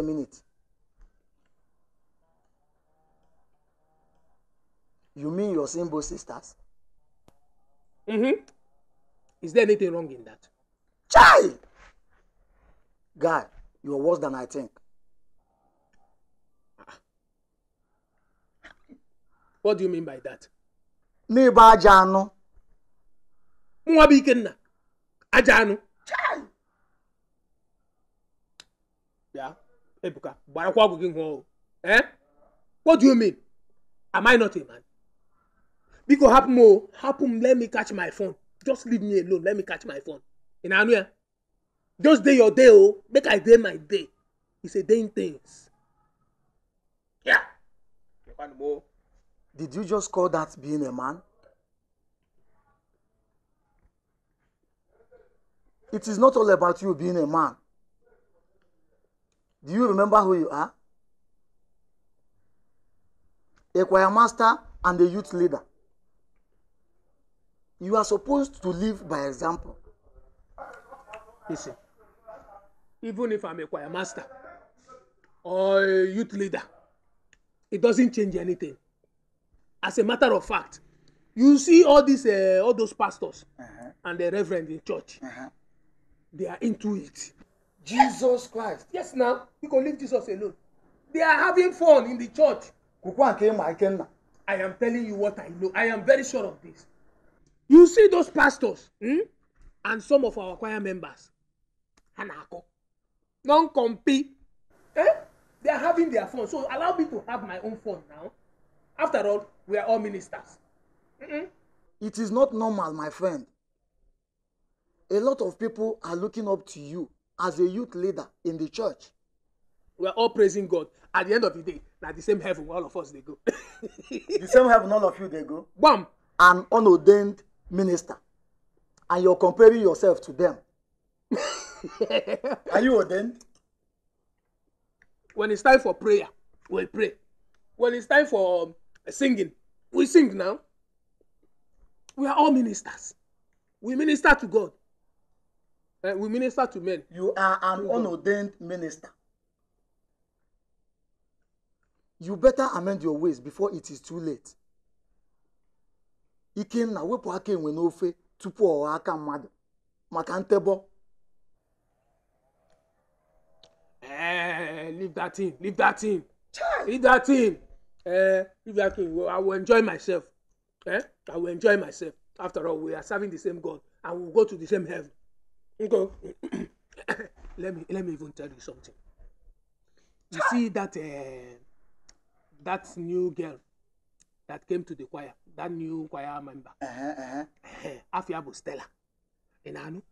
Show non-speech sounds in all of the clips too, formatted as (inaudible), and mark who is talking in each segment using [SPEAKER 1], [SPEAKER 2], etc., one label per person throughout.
[SPEAKER 1] a minute.
[SPEAKER 2] You mean you're seeing both sisters? Mm-hmm. Is there anything wrong in that? Chai! Guy, you're worse than I think. What do you mean by that?
[SPEAKER 1] N'ịba aja anụ.
[SPEAKER 2] Nwa bụ Ikenna, aja Chai! Ebuka, gbarakwa ọgwụ gị nwụọ eh? What do you mean? Am I not a man? Biko hapụ m o, hapụ m, let me catch my phone. Just leave me alone, let me catch my phone. Ị na-anụ ya? Just dey your day o, make I dey my day. It's a day in things. Yeah.
[SPEAKER 1] Did you just call that being a man? It is not all about you being a man. Do you remember who you are? A choir master and a youth leader. You are supposed to live
[SPEAKER 2] by example. Listen, even if I'm a choir master or a youth leader, it doesn't change anything. As a matter of fact, you see all these uh, all those pastors uh-huh. and the reverend in church, uh-huh. they are into it. Jesus Christ. Yes, now you can leave Jesus alone. They are having fun in the church. I am telling you what I know. I am very sure of this. You see those pastors hmm? and some of our choir members. Hanako. Non-compete. Eh? They are having their fun. So allow me to have my own fun now. After all, we are all ministers. Mm-mm. It is not normal, my friend. A lot of people are looking up to you as a youth leader in the church. We are all praising God. At the end of the day, like the same heaven all of us they go. (laughs)
[SPEAKER 1] the same heaven all of you they go. Bam! An unordained minister. And you're comparing yourself to them.
[SPEAKER 2] (laughs)
[SPEAKER 1] are you ordained?
[SPEAKER 2] When it's time for prayer, we pray. When it's time for um, singing, we sing now. We are all ministers. We minister to God. Uh, we minister to men. You are an to unordained God. minister.
[SPEAKER 1] You better amend your ways before it is too late. Ike na wepụ aka enwe n'ofe tupu ọha aka mmadụ maka ntebọ.
[SPEAKER 2] Eh, leave that in, leave that in. Leave that in. Eh, leave that in. I will enjoy myself. Eh? I will enjoy myself. After all, we are serving the same God and we go to the same heaven. Go. (coughs) let me let me even tell you something. You see that uh, that new girl that came to the choir, that new choir member, uh-huh, uh uh-huh. eh, Afiabo Stella, Enanu.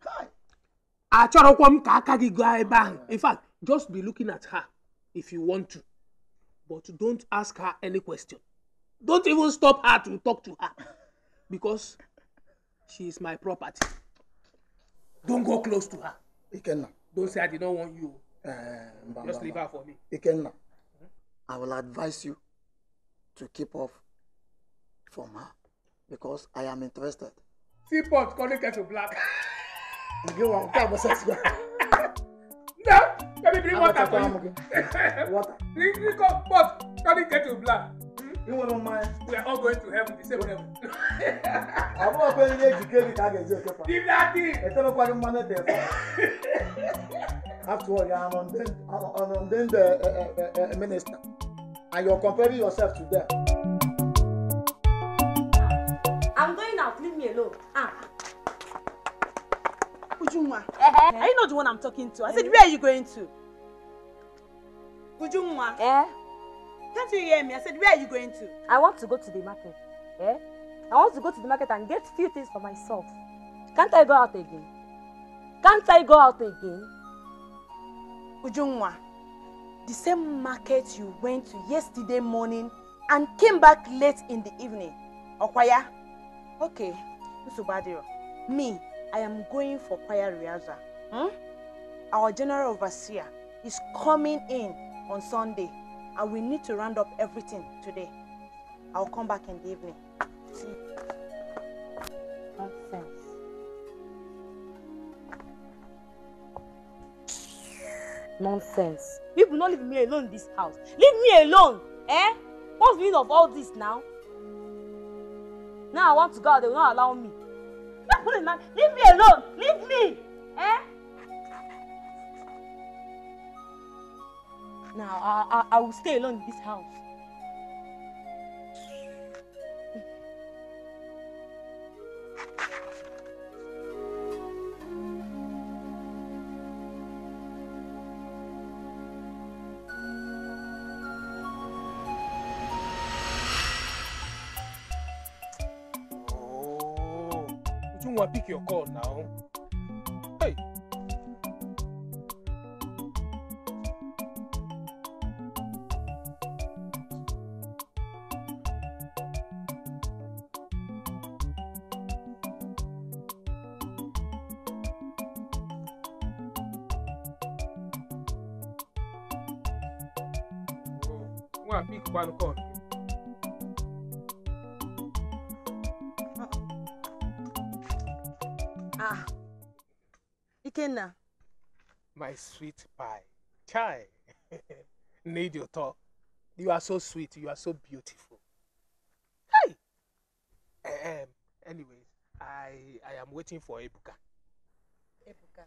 [SPEAKER 2] Achọrọkwa m ka aka gị gaa ebe ahụ. Ah. In fact, just be looking at her if you want to, but don't ask her any question. Don't even stop her to talk to her (laughs) because she is my property. Don't go close to her. Ikenna. Don't say I did not want you. Uh, eh,
[SPEAKER 1] mba, Just leave her for me. Ikenna. Hmm? I will advise you to keep off from her because I am interested.
[SPEAKER 2] Teapot, calling kettle black. you get one, come on, sex. girl? No, let me bring water for you. Water. (laughs) Drink, drink up, pot, calling kettle black. You want to We are all going to heaven, the same heaven.
[SPEAKER 1] I'm not going to educate it. I get you. Give that thing. I tell nobody money there. After all, you are an ordained, an ordained uh, minister, and you're comparing yourself to them.
[SPEAKER 3] I'm going out. Leave me alone. Ah. Ujunwa. Eh, eh. Are you not the one I'm talking to? I said, where are you going to? Ujunwa. Eh? Can't you hear me? I said, where are you going to? I want to go to the market. Eh? I want to go to the market and get few things for myself. Can't I go out again? Can't I go out again? Ujungwa, the same market you went to yesterday morning and came back late in the evening. Okwaya? Okay, Nsubadiro. Me, I am going for choir rehearsal. Hmm? Our general overseer is coming in on Sunday and we need to round up everything today. I'll come back in the evening. See? Nonsense. Nonsense. You will not leave me alone in this house. Leave me alone! Eh? What's the meaning of all this now? Now I want to go out, they will not allow me. Leave me alone! Leave me! Eh? now. I, I, I will stay alone in this house.
[SPEAKER 2] sweet pie. Chai. (laughs) Need your talk. You are so sweet. You are so beautiful. Hey. Um, anyways, I I am waiting for Ebuka. Ebuka.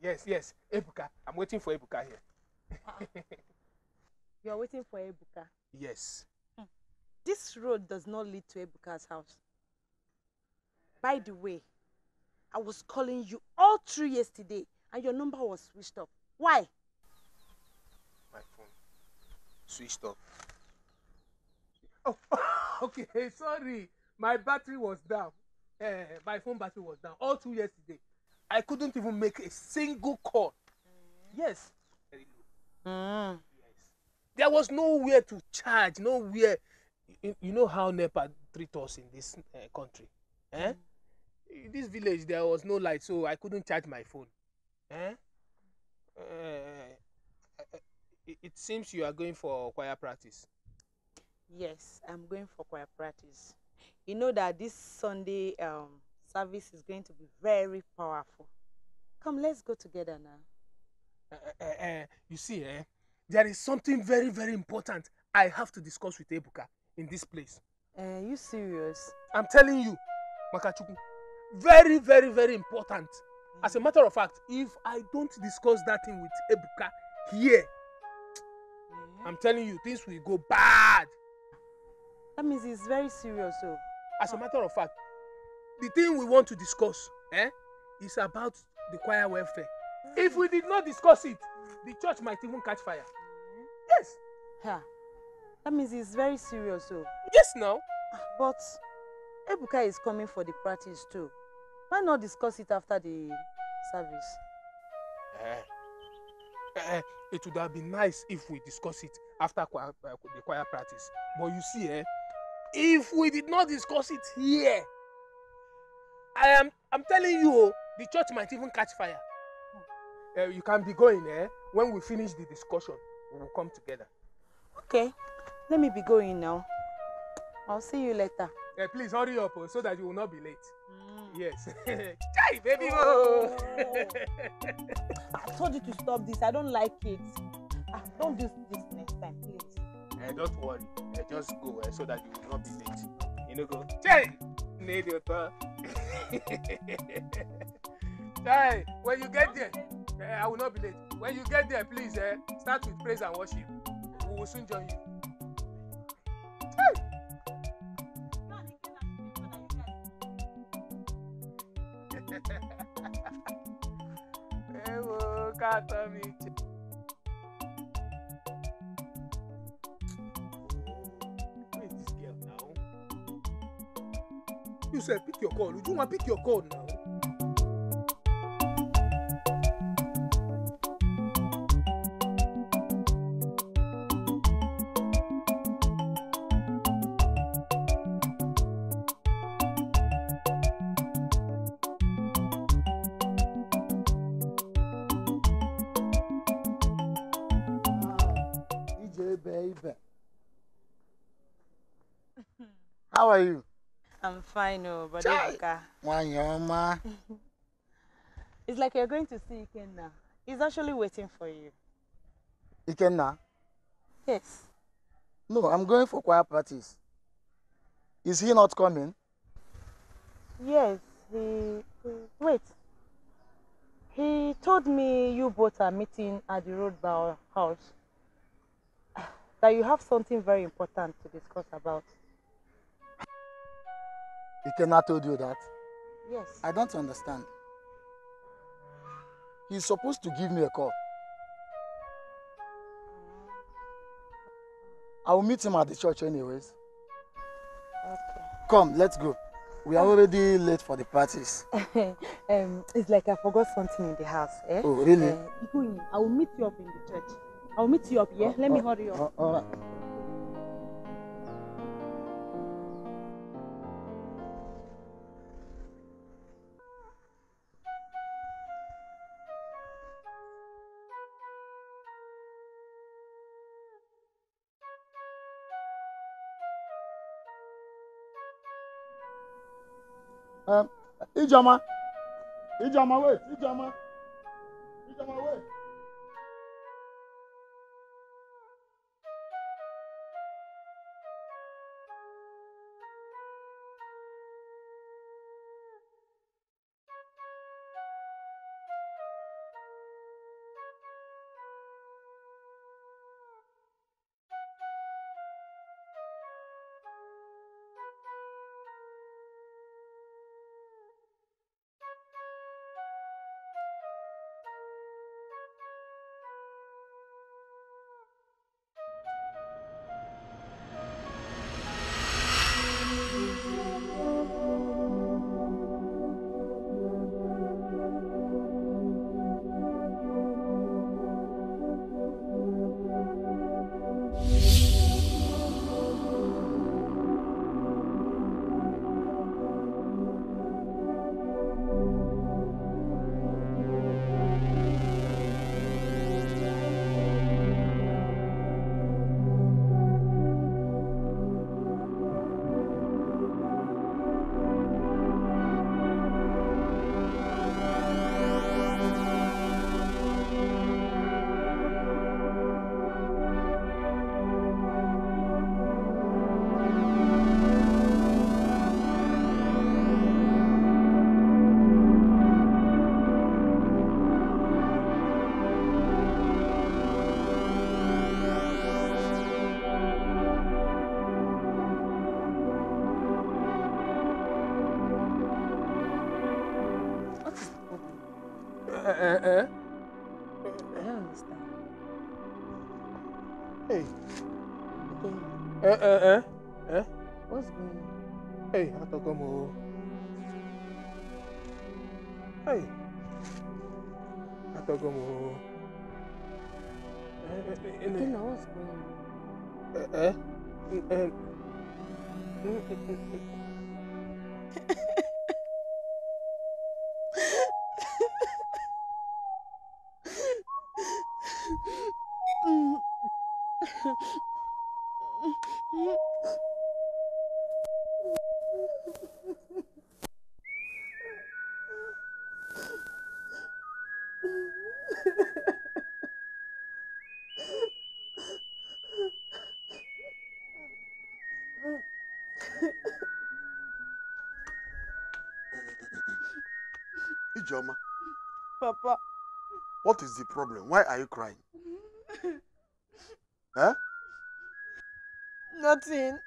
[SPEAKER 2] Yes, yes, Ebuka. I'm waiting for Ebuka here. Uh,
[SPEAKER 3] (laughs) you are waiting for Ebuka. Yes. Hmm. This road does not lead to Ebuka's house. By the way, I was calling you all through yesterday and your number was switched off. Why?
[SPEAKER 2] My phone switched off. Oh, (laughs) okay, sorry. My battery was down. Uh, my phone battery was down all through yesterday. I couldn't even make a single call. Yes. Mm. Yes. There was nowhere to charge, nowhere. You, you know how NEPA treat us in this uh, country. Eh? Mm. In this village, there was no light, so I couldn't charge my phone. Eh? Uh, it seems you are going for choir practice.
[SPEAKER 3] Yes, I'm going for choir practice. You know that this Sunday um, service is going to be very powerful. Come, let's go together now. Uh, uh,
[SPEAKER 2] uh, you see, eh? there is something very, very important I have to discuss with Ebuka in this place. Uh, you serious? I'm telling you, Makachuku, Very, very, very important. As a matter of fact, if I don't discuss that thing with Ebuka here, I'm telling you, things will go bad. That means it's very serious, so. Oh. As a matter of fact, the thing we want to discuss eh, is about the choir welfare. If we did not discuss it, the
[SPEAKER 3] church might even catch fire. Yes. Yeah. That means it's very serious, so. Oh. Yes, now. Ah, but Ebuka is coming for the practice too. Why not discuss it after the service?
[SPEAKER 2] Uh, uh, it would have been nice if we discuss it after choir, uh, the choir practice. But you see, eh, if we did not discuss it here, I am I'm telling you, the church might even catch fire. Uh, you can be going, eh? When we finish the discussion, we will come together. Okay, let me be going now. I'll see you later. Uh, please hurry up so that you will not be late. Mm. Yes. (laughs) Chai,
[SPEAKER 3] baby. Oh. (laughs) I told you to stop this. I don't like it. Ah, don't do this next time, please.
[SPEAKER 2] Uh, don't worry. Uh, just go uh, so that you will not be late. You know, go. Chai! Need your turn. Chai, when you get there, uh, I will not be late. When you get there, please uh, start with praise and worship. We will soon join you. Exatamente. Wait You said pick your call. Would you want pick your call now?
[SPEAKER 1] How are you?
[SPEAKER 3] I'm fine, oh, but
[SPEAKER 1] Wanyoma.
[SPEAKER 3] (laughs) it's like you're going to see Ikenna. He's actually waiting for you. Ikenna? Yes.
[SPEAKER 1] No, I'm going for choir practice. Is he not coming?
[SPEAKER 3] Yes, he. Wait. He told me you both are meeting at the road by our house that you have something very important to discuss about.
[SPEAKER 1] cannot told you that? Yes. I don't understand. He's supposed to give me a call. I will meet him at the church anyways. Okay. Come, let's go. We are oh. already late for the parties.
[SPEAKER 3] (laughs) um, it's like I forgot something in the house. Eh? Oh, really? Uh, I will meet you up in the church. I'll meet you up, yeah? Let me hurry up. all uh, right.
[SPEAKER 1] Uh, uh. Um, Ijama, Ijama, wait, Ijama.
[SPEAKER 4] uh,
[SPEAKER 2] Hey. Uh, uh, What's going on? Hey, I thought come over. Hey. I thought come over. Kí what's going on? Uh, uh.
[SPEAKER 4] Ijoma. Papa. What is the problem? Why are you crying? huh? (laughs)
[SPEAKER 5] Eh? Nothing.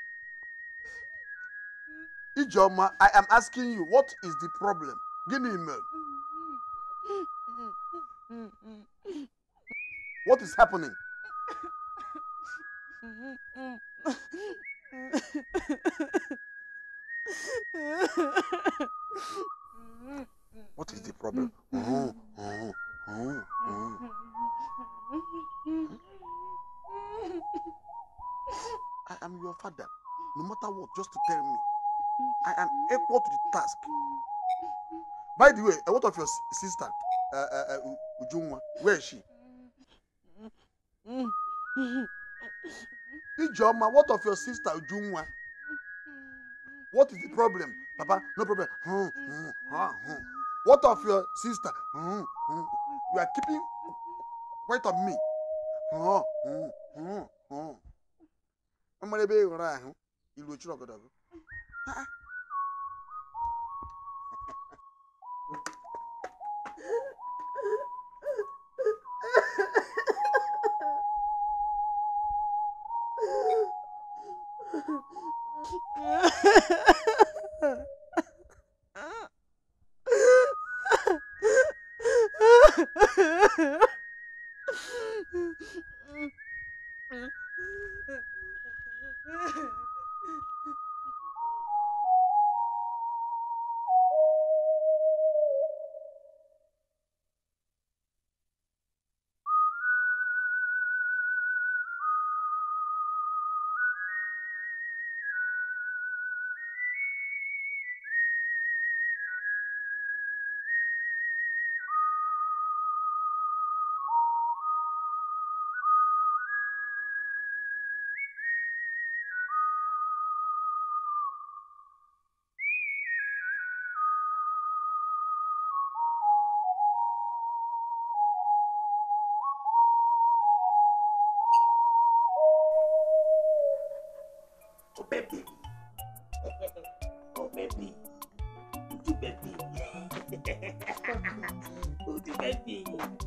[SPEAKER 4] (laughs) Ijoma, I am asking you, what is the problem? Give me email. What is happening?
[SPEAKER 5] (laughs) What is the problem? I
[SPEAKER 4] am your father. No matter what, just to tell me.
[SPEAKER 5] I am equal
[SPEAKER 4] to the task. By the way, uh, what of your sister, uh, uh, uh, Ujumwa? Where is she? Ijoma, what of your sister, Ujumwa? What is the problem? Papa, no problem. Hmm, hmm, ah, hmm. What of your sister? Hmm, hmm. You are keeping quiet on me. Hmm, hmm, hmm, hmm. I'm going to be around. You look like a dog.
[SPEAKER 3] baby. Oh, baby. Udu baby. Udu (laughs) baby.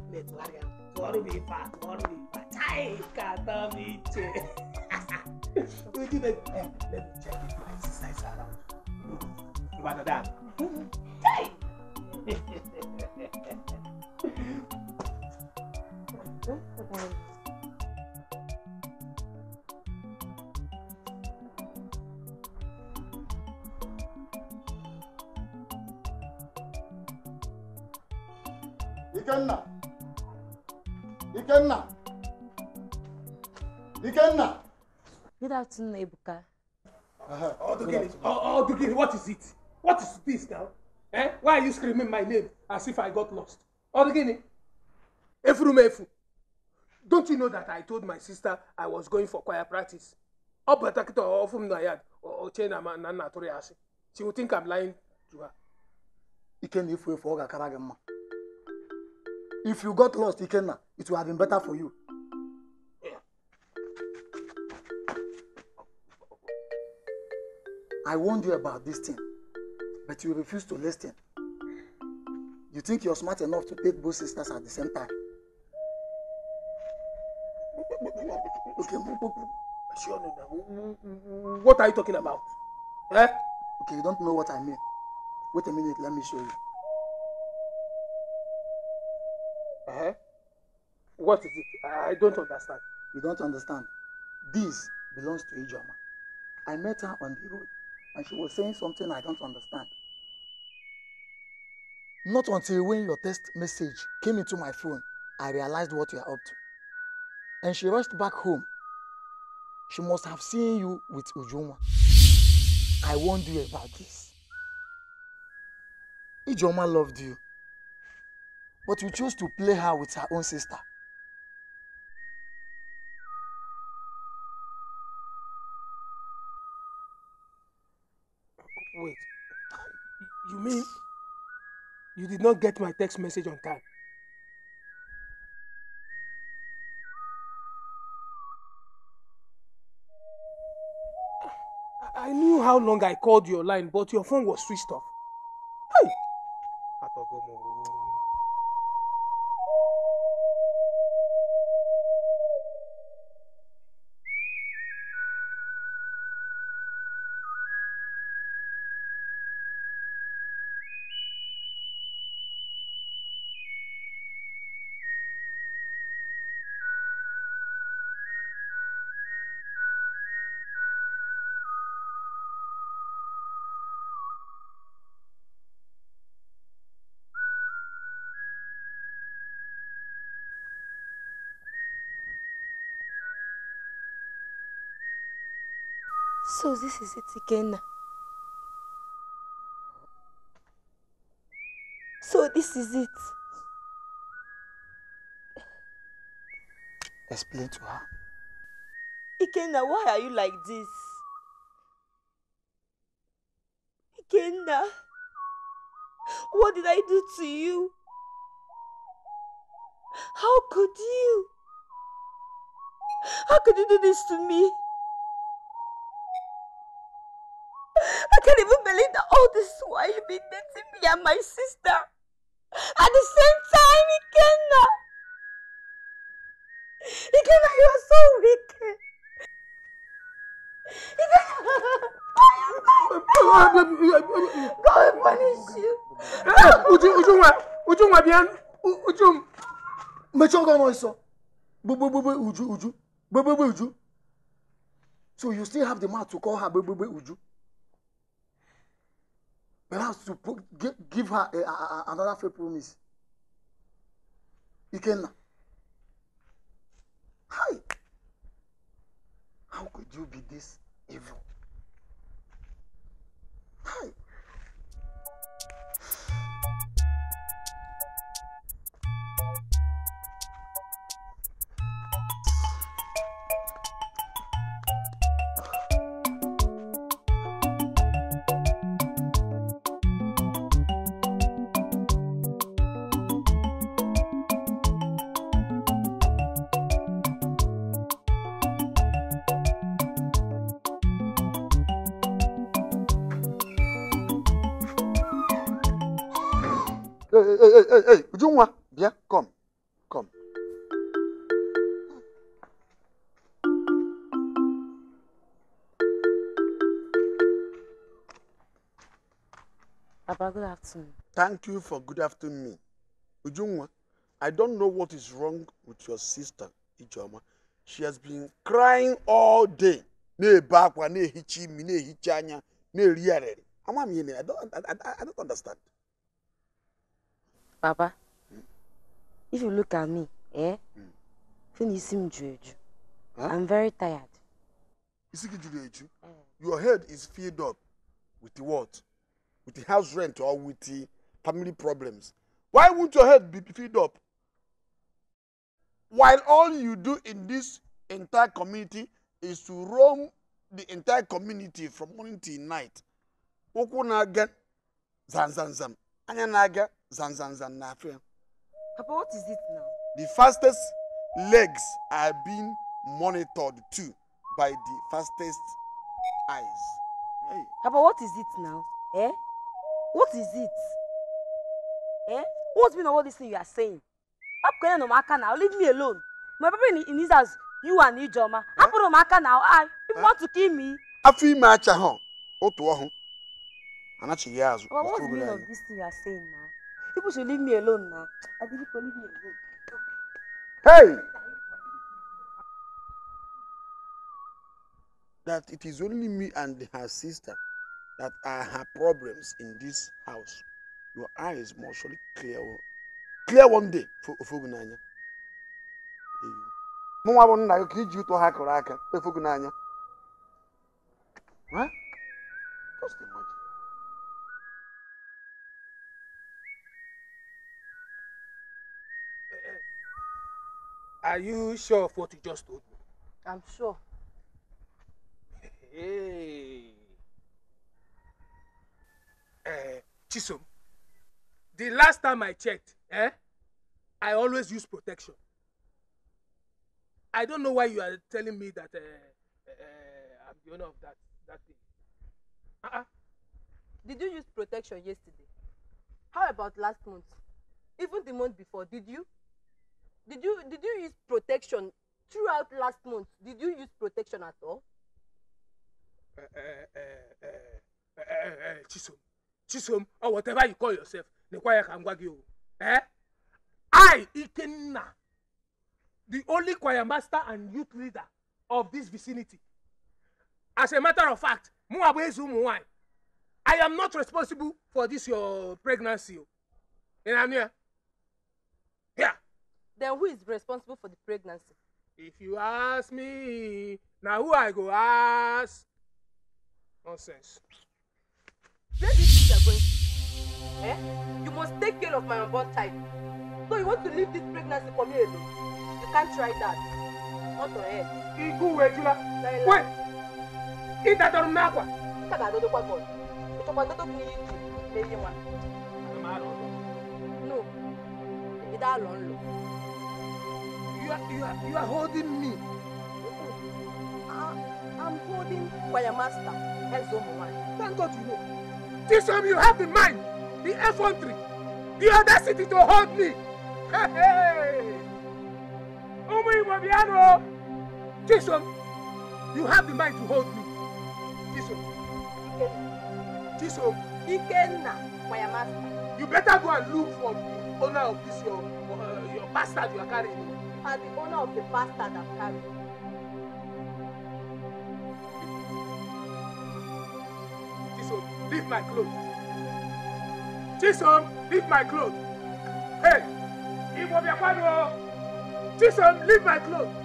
[SPEAKER 2] Let's worry. Tomorrow we part. Tomorrow we part. Chai, kata mi che. Udu baby. Eh, let me check if my sister is around. You want to dance?
[SPEAKER 3] Oh, afternoon, Ebuka.
[SPEAKER 2] Uh-huh. oh, Odugini, oh, what is it? What is this now? Eh? Why are you screaming my name as if I got lost? Oh, Odugini, Efurumefu, don't you know that I told my sister I was going for choir practice? Oh, but I na ya ochie na na nna atụrụ She will think I'm lying to her.
[SPEAKER 1] Ikenna efu efu ọ ga-akara If you got lost, Ikena, it would have been better for you. I warned you about this thing, but you refuse to listen. You think you're smart enough to take both sisters at the same time. what are you talking about? Eh? Okay, you don't know what I mean. Wait a minute, let me show you. Uh-huh. What is it? I don't understand. You don't understand. This belongs to Ijoma. I met her on the road. and she was saying something I don't understand. Not until when your text message came into my phone, I realized what you are up to. And she rushed back home. She must have seen you with Ujoma. I warned you about this. Ijoma loved you, but you chose to play her with her own
[SPEAKER 2] sister. mean you did not get my text message on time? I knew how long I called your line, but your phone was switched off.
[SPEAKER 3] So this is it again. So this is it.
[SPEAKER 1] Explain to her.
[SPEAKER 3] Ikenna, why are you like this? Ikenna, what did I do to you? How could you? How could you do this to me? can't even believe that all this while you've been dating me and my sister at the same time, Ikenna. Ikenna, you are so wicked.
[SPEAKER 2] Ikenna. God will
[SPEAKER 1] punish you.
[SPEAKER 2] Ujum, Ujum, Ujum, Abian, Ujum.
[SPEAKER 1] Mechon gan oiso. Bebe, bebe, Uju, Uju. Bebe, bebe, Uju. So you still have the mouth to call her Bebe, bebe, Uju. I have to give her a, a, a, another fake promise. You can. Hi. How could you be this evil? Hi.
[SPEAKER 4] hey, hey, Ujunwa, Bien, come, come. good afternoon. Thank you for good afternoon. Ujunwa, I don't know what is wrong with your sister, Ijoma. She has been crying all day. Ne, ebe ne, na-ehicha imi, ne, ehicha anya, na-eri arịrị. Ama I don't understand.
[SPEAKER 3] Baba, mm. if you look at me, eh? Hmm. Then you seem Juju. I'm very tired.
[SPEAKER 4] Mm. Your head is filled up with the what? With the house rent or with the family problems. Why would your head be filled up? While all you do in this entire community is to roam the entire community from morning till night. Okwu na-aga, zan zam anya na-aga, zan zan zan na afia. Papa, what is it now? The fastest legs are being monitored too by the fastest
[SPEAKER 3] eyes. Hey. Papa, what is it now? Eh? What is it? Eh? What's been all this thing you are saying? Up can no maka now. Leave me alone. My baby in, in his house, you and you, Ijoma. Up no maka now. I ah, you eh? want to kill me.
[SPEAKER 4] Afi ma acha ho. Otu ho. Anachi ya azu. What mean of
[SPEAKER 3] this thing you are saying now? People should leave me alone now. I didn't leave me alone.
[SPEAKER 4] Hey! That it is only me and her sister that are her problems in this house. Your eyes must surely clear, clear one day. Fogu
[SPEAKER 2] Are you sure of what you just told me? I'm sure. Hey. Uh, Chisom, the last time I checked, eh, I always use protection. I don't know why you are telling me that uh, uh, I'm the owner of that, that thing.
[SPEAKER 3] Uh-uh. Did you use protection yesterday? How about last month? Even the month before, did you? did you did you use protection throughout last month did you use protection at all.
[SPEAKER 2] Eh, eh, eh, chisom
[SPEAKER 3] chisom or
[SPEAKER 2] whatever you call yourself n'ekwe ya ka m gwa gị i ikenna the only choir master and youth leader of this vicinity as a matter of fact mụ abụ ezi i am not responsible for this your pregnancy o ị na-anụ Yeah then who is responsible for the pregnancy? If you ask me, now who I go ask? Nonsense. Where
[SPEAKER 3] this you think going? Eh? You must take care of my unborn child. So you want to leave this pregnancy for me alone? You can't try that. Not on earth. Igu wejula. Wait. Ita dorum nakwa. Ita dorum nakwa. Ita dorum nakwa. Ita dorum nakwa ibi tá a lọ
[SPEAKER 2] you are you are you are holding me. I, ah, I'm holding choirmaster Enzo Mwangi. Thank God you know. This time you have the mind, the effrontery, the audacity to hold me. Hey, hey. Umu Iwobiano. Jason, you have the mind to hold me. Jason. Ikenna. Jason. Ikenna, choirmaster. You better go and look for me owner of this your uh, your bastard you are carrying.
[SPEAKER 3] I'm the owner of the bastard I'm carrying. Chisom,
[SPEAKER 2] leave my clothes. Chisom, leave my clothes. Hey, if Ibobiakwano. Chisom, leave my clothes.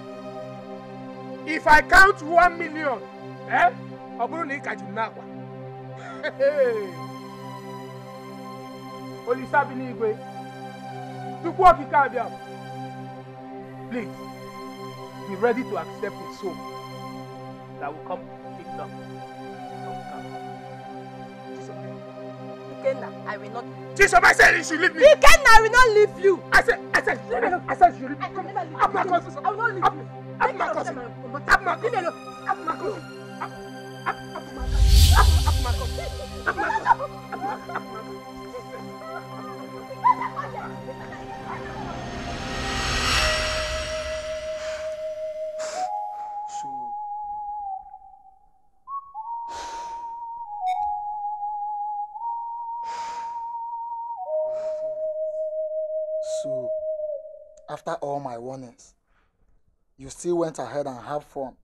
[SPEAKER 2] If I count one million, eh? Ọ bụrụ na ị ka ji m n'akwa. Olisa bi n'igwe. To Chukwu Okike Abiam, please be ready to accept the soul that will come
[SPEAKER 3] kingdom from God. Jesus, Ikenna, I will not. Jesus, I said you should leave me. Ikenna, I will not leave you. I said, I said, I said you should leave me. I will never leave you. I will not leave you. I'm my cousin. I'm my cousin. I'm my cousin. I'm my cousin. I'm my cousin. I'm my cousin.
[SPEAKER 1] warnings, you still went ahead and had fun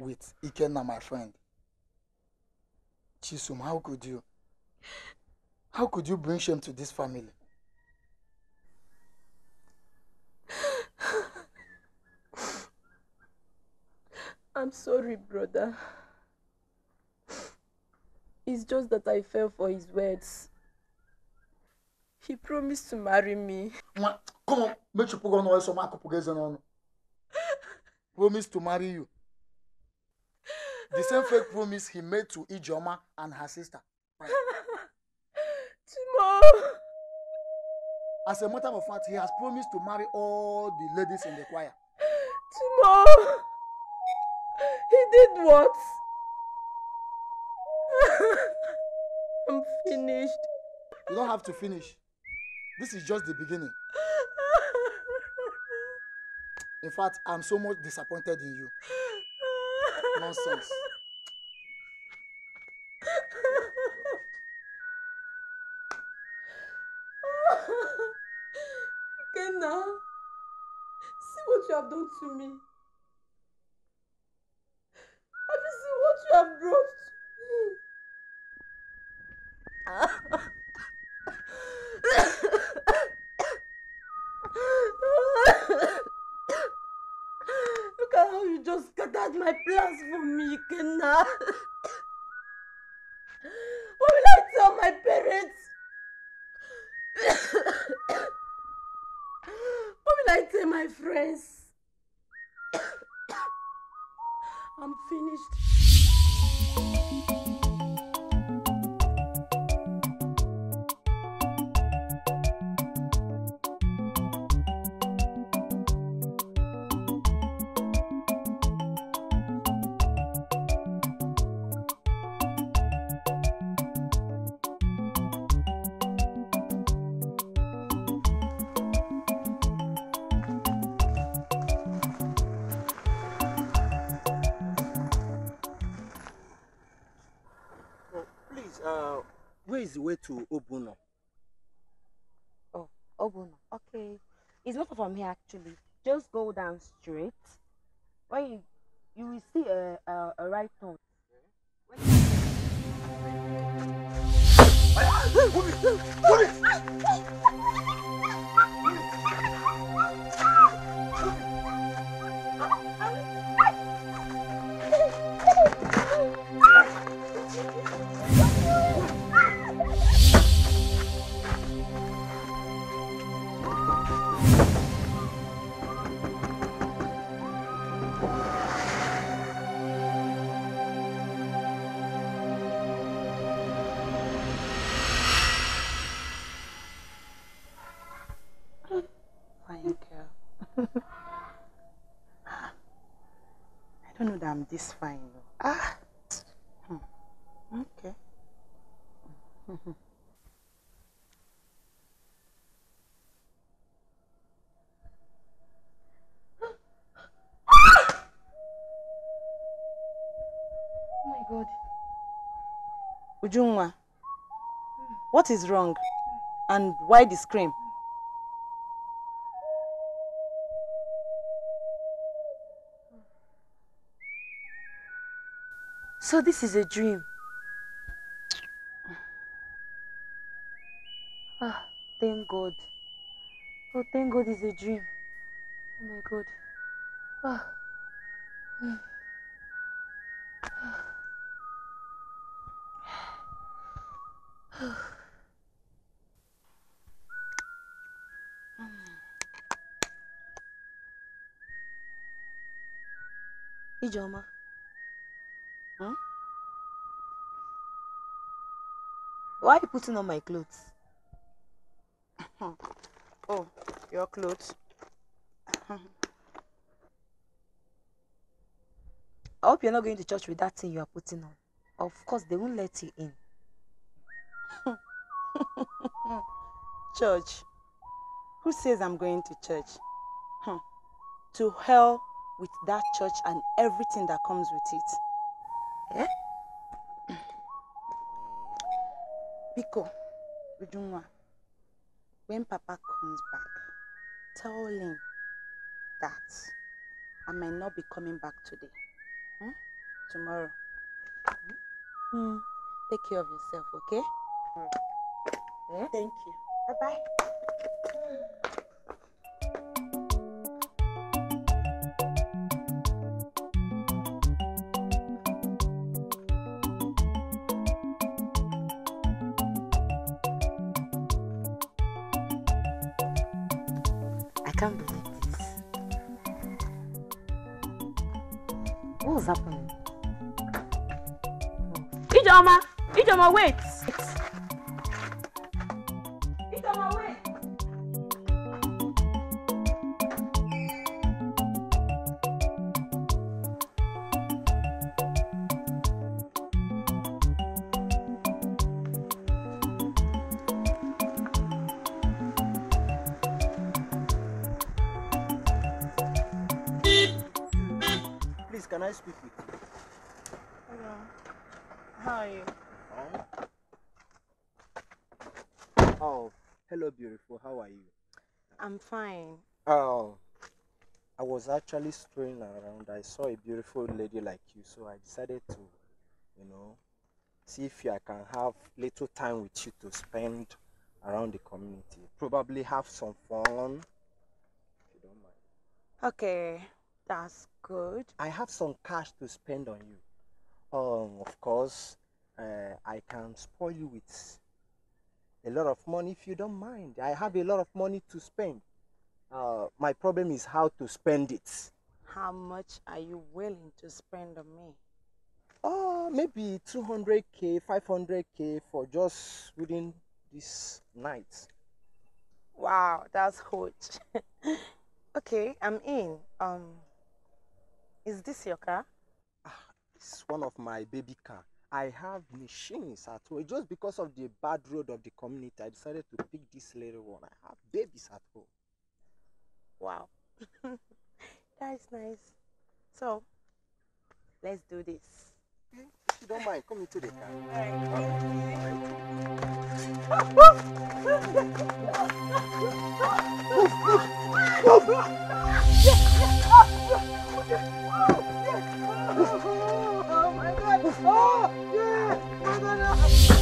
[SPEAKER 1] with Ikenna, my friend. Chisum, how could you? How could you bring shame to this family?
[SPEAKER 3] (laughs) I'm sorry, brother. It's just that I fell for his words.
[SPEAKER 1] He promised to marry me. come on, make you put on oil some akupugeze on. Promise to marry you. The same fake promise he made to Ijoma and her sister. Right. Timo. As a matter of fact, he has promised to marry all the ladies in the choir.
[SPEAKER 3] Timo. He did what? (laughs) I'm finished. You
[SPEAKER 1] don't have to finish this is just the beginning. In fact, I'm so much disappointed in you. Nonsense.
[SPEAKER 3] Kenna, see what you have done to me. mein Blasphemie, Kinder.
[SPEAKER 1] to Obuno.
[SPEAKER 3] Oh, Obuno. Okay. It's not from here actually. Just go down straight. When you you will see a a, a right turn. Okay. i am this fine. Ah. Hmm. Okay. (laughs) Oh God. what is wrong? And why the scream? So this is a dream. Ah, thank God. Oh, thank God it's a dream. Oh my God. Ah. (sighs) Mm. Why are you putting on my clothes? (laughs) oh, your clothes. I hope you're not going to church with that thing you are putting on. Of course, they won't let you in. (laughs) church. Who says I'm going to church? Huh. To hell with that church and everything that comes with it. Eh? Biko, Ujunwa, when Papa comes back, tell him that I might not be coming back today. Hmm? Tomorrow. Hmm? Hmm. Take care of yourself, okay? Eh? Thank you. Bye-bye. Hmm. Kandidiniz. What was happening? Ijoma! Ijoma, wait!
[SPEAKER 2] Can I speak with you? Hello. How are you? Oh, hello, beautiful. How are you?
[SPEAKER 3] I'm fine.
[SPEAKER 2] Oh,
[SPEAKER 1] I was actually strolling around. I saw a beautiful lady like you, so I decided to, you know, see if I can have little time with you to spend around the community. Probably have some fun. If you don't mind.
[SPEAKER 3] Okay. That's good.
[SPEAKER 1] I have some cash to spend on you. Um, of course, uh, I can spoil you with a lot of money if you don't mind. I have a lot of money to spend. Uh, my problem is how to spend it.
[SPEAKER 3] How much are you willing to spend on me? Oh, maybe 200k, 500k for just within this night. Wow, that's hot. (laughs) okay, I'm in. Um, is this your car?
[SPEAKER 1] Ah, it's one of my baby car. I have machines at home. Just because of the bad road of the community, I decided
[SPEAKER 3] to pick this little one. I have babies at home. Wow. (laughs) that is nice. So, let's do this. Okay. If you don't mind, come into the car.
[SPEAKER 5] All right. (laughs) (laughs) Oh, yes. oh, oh my God. Oh, yes. Oh, no, no.